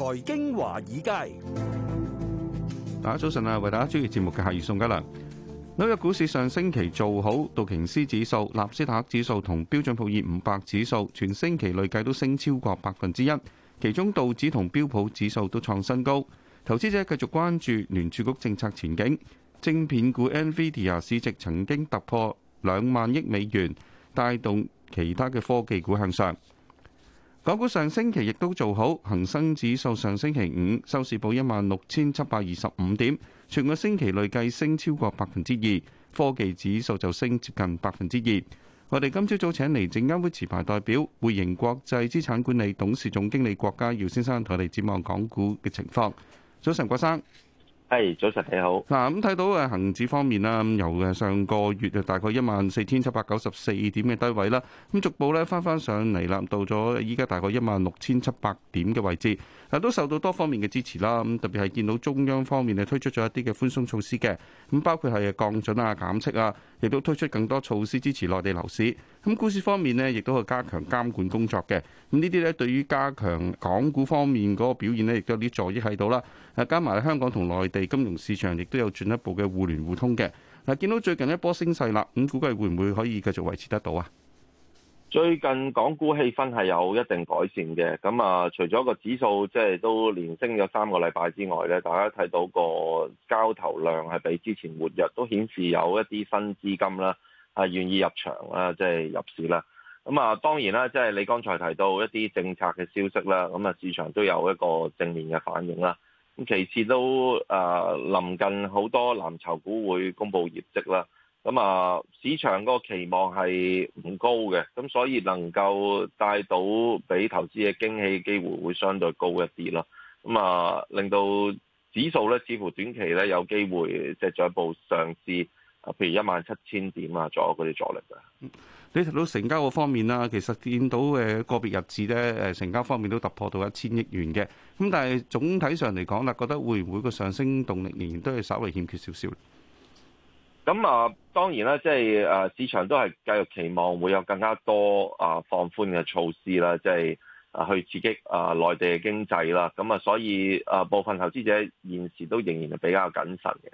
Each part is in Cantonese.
財經華爾街，大家早晨啊！為大家主持節目嘅係宋嘉良。紐約股市上星期做好，道瓊斯指數、納斯達克指數同標準普爾五百指數，全星期累計都升超過百分之一。其中道指同標普指數都創新高。投資者繼續關注聯儲局政策前景。晶片股 NVIDIA 市值曾經突破兩萬億美元，帶動其他嘅科技股向上。港股上星期亦都做好，恒生指數上星期五收市報一萬六千七百二十五點，全個星期累計升超過百分之二，科技指數就升接近百分之二。我哋今朝早請嚟證監會持牌代表匯盈國際資產管理董事總經理郭家耀先生同我哋展望港股嘅情況。早晨，郭生。係，早晨你好。嗱，咁睇到誒恆指方面啦，由誒上個月誒大概一萬四千七百九十四點嘅低位啦，咁逐步咧翻翻上嚟啦，到咗依家大概一萬六千七百點嘅位置，誒都受到多方面嘅支持啦。咁特別係見到中央方面誒推出咗一啲嘅寬鬆措施嘅，咁包括係降準啊、減息啊。亦都推出更多措施支持內地樓市。咁股市方面呢，亦都係加強監管工作嘅。咁呢啲咧，對於加強港股方面嗰個表現咧，亦都有啲助益喺度啦。誒，加埋香港同內地金融市場，亦都有進一步嘅互聯互通嘅。嗱，見到最近一波升勢啦，咁估計會唔會可以繼續維持得到啊？最近港股氣氛係有一定改善嘅，咁啊，除咗個指數即係都連升咗三個禮拜之外咧，大家睇到個交投量係比之前活躍，都顯示有一啲新資金啦，係願意入場啦，即係入市啦。咁啊，當然啦，即係你剛才提到一啲政策嘅消息啦，咁啊，市場都有一個正面嘅反應啦。咁其次都啊，臨近好多藍籌股會公布業績啦。咁啊，市場個期望係唔高嘅，咁所以能夠帶到俾投資嘅驚喜機會會相對高一啲咯。咁啊，令到指數咧，似乎短期咧有機會即係進一步上至啊，譬如一萬七千點啊，右左嗰啲阻力嘅。你睇到成交個方面啦，其實見到誒個別日子咧，誒成交方面都突破到一千億元嘅。咁但係總體上嚟講啦，覺得會唔會個上升動力仍然都係稍為欠缺少少。咁啊，當然啦，即係誒市場都係繼續期望會有更加多啊放寬嘅措施啦，即係啊去刺激啊內地嘅經濟啦。咁啊，所以啊部分投資者現時都仍然係比較謹慎嘅。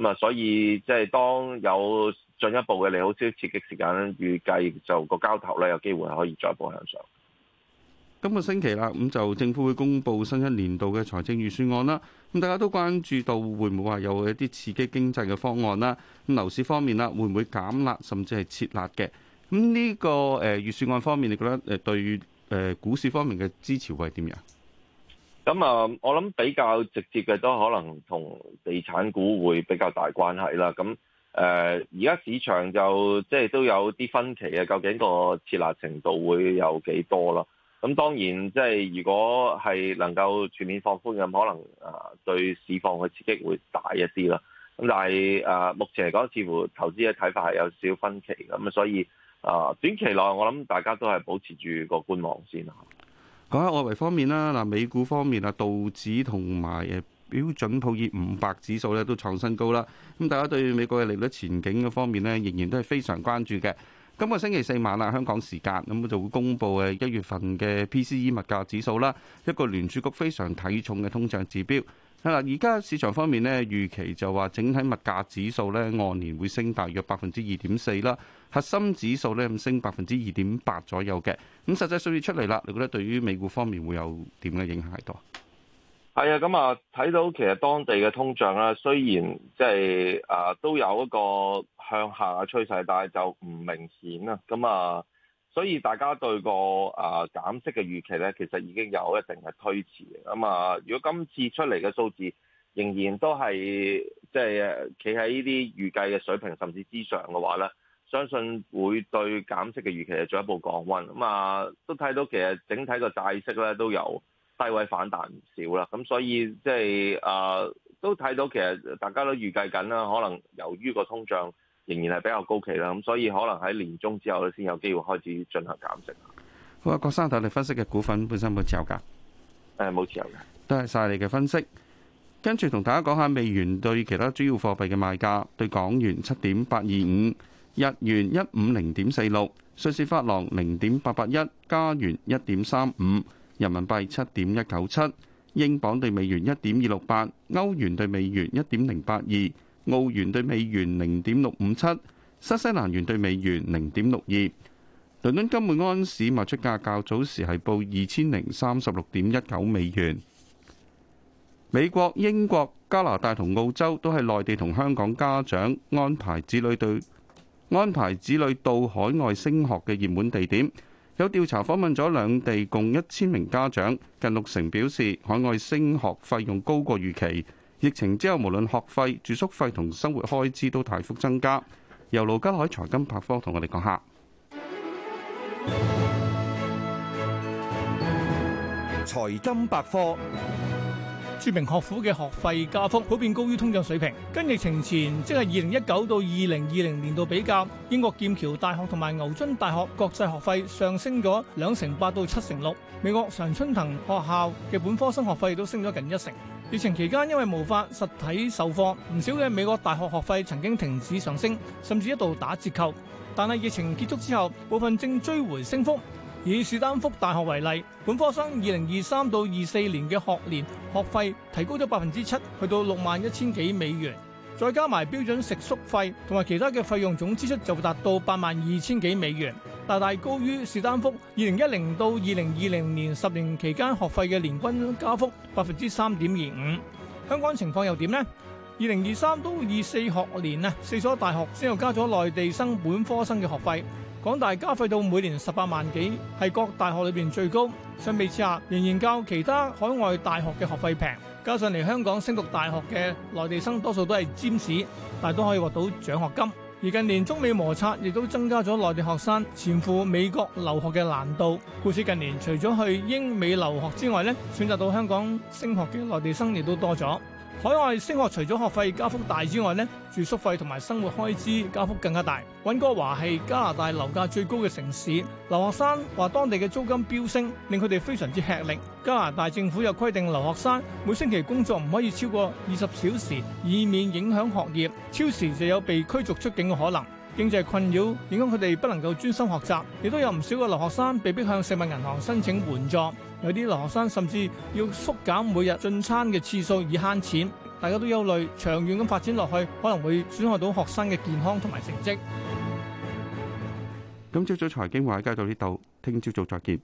咁啊，所以即係當有進一步嘅利好消息刺激時間，預計就個交投咧有機會係可以再一步向上。今個星期啦，咁就政府會公布新一年度嘅財政預算案啦。咁大家都關注到會唔會話有一啲刺激經濟嘅方案啦。咁樓市方面啦，會唔會減辣甚至係撤辣嘅？咁、這、呢個誒預算案方面，你覺得對於股市方面嘅支持會係點樣？咁啊，我諗比較直接嘅都可能同地產股會比較大關係啦。咁而家市場就即係都有啲分歧嘅，究竟個撤辣程度會有幾多啦。咁當然，即係如果係能夠全面放寬，咁可能啊對市況嘅刺激會大一啲啦。咁但係啊目前嚟講，似乎投資嘅睇法係有少少分歧咁啊，所以啊，短期內我諗大家都係保持住個觀望先啊。咁外圍方面啦，嗱，美股方面啊，道指同埋誒標準普爾五百指數咧都創新高啦。咁大家對美國嘅利率前景嘅方面咧，仍然都係非常關注嘅。今個星期四晚啦，香港時間咁就會公布誒一月份嘅 PCE 物價指數啦，一個聯儲局非常體重嘅通脹指標。嗱，而家市場方面呢，預期就話整體物價指數呢按年會升大約百分之二點四啦，核心指數呢咁升百分之二點八左右嘅。咁實際數據出嚟啦，你覺得對於美股方面會有點嘅影響係多？係啊，咁啊睇到其實當地嘅通脹咧，雖然即係啊都有一個向下嘅趨勢，但係就唔明顯啦。咁啊，所以大家對個啊減息嘅預期咧，其實已經有一定嘅推遲。咁啊，如果今次出嚟嘅數字仍然都係即係企喺呢啲預計嘅水平甚至之上嘅話咧，相信會對減息嘅預期係進一步降溫。咁啊，都睇到其實整體個債息咧都有低位反彈唔少啦，咁所以即係啊，都睇到其實大家都預計緊啦，可能由於個通脹仍然係比較高期高企啦，咁所以可能喺年終之後先有機會開始進行減息。好啊，郭生，睇你分析嘅股份本身冇持有噶？誒、呃、冇持有嘅，多謝晒你嘅分析。跟住同大家講下美元對其他主要貨幣嘅賣價，對港元七點八二五，日元一五零點四六，瑞士法郎零點八八一，加元一點三五。人民幣七點一九七，英鎊兌美元一點二六八，歐元兌美元一點零八二，澳元兌美元零點六五七，新西蘭元兌美元零點六二。倫敦金每盎司賣出價較早時係報二千零三十六點一九美元。美國、英國、加拿大同澳洲都係內地同香港家長安排子女對安排子女到海外升學嘅熱門地點。有調查訪問咗兩地共一千名家長，近六成表示海外升學費用高過預期。疫情之後，無論學費、住宿費同生活開支都大幅增加。由盧家海財金百科同我哋講下財金百科。著名學府嘅學費加幅普遍高於通脹水平，跟疫情前即係二零一九到二零二零年度比較，英國劍橋大學同埋牛津大學國際學費上升咗兩成八到七成六，美國常春藤學校嘅本科生學費都升咗近一成。疫情期間因為無法實體授課，唔少嘅美國大學學費曾經停止上升，甚至一度打折扣，但係疫情結束之後，部分正追回升幅。以士丹福大學為例，本科生二零二三到二四年嘅學年學費提高咗百分之七，去到六萬一千幾美元，再加埋標準食宿費同埋其他嘅費用總支出就達到八萬二千幾美元，大大高於士丹福二零一零到二零二零年十年期間學費嘅年均加幅百分之三點二五。香港情況又點呢？二零二三到二四學年啊，四所大學先又加咗內地生本科生嘅學費。港大加費到每年十八萬幾，係各大學裏邊最高。相比之下，仍然較其他海外大學嘅學費平。加上嚟香港升讀大學嘅內地生，多數都係尖子，但係都可以獲到獎學金。而近年中美摩擦，亦都增加咗內地學生前赴美國留學嘅難度。故此，近年除咗去英美留學之外，咧選擇到香港升學嘅內地生亦都多咗。海外升學除咗學費加幅大之外，呢住宿費同埋生活開支加幅更加大。溫哥華係加拿大樓價最高嘅城市，留學生話，當地嘅租金飆升，令佢哋非常之吃力。加拿大政府又規定留學生每星期工作唔可以超過二十小時，以免影響學業，超時就有被驅逐出境嘅可能。經濟困擾影響佢哋不能夠專心學習，亦都有唔少嘅留學生被逼向食物銀行申請援助，有啲留學生甚至要縮減每日進餐嘅次數以慳錢。大家都憂慮長遠咁發展落去可能會損害到學生嘅健康同埋成績。今朝早財經華爾街到呢度，聽朝早再見。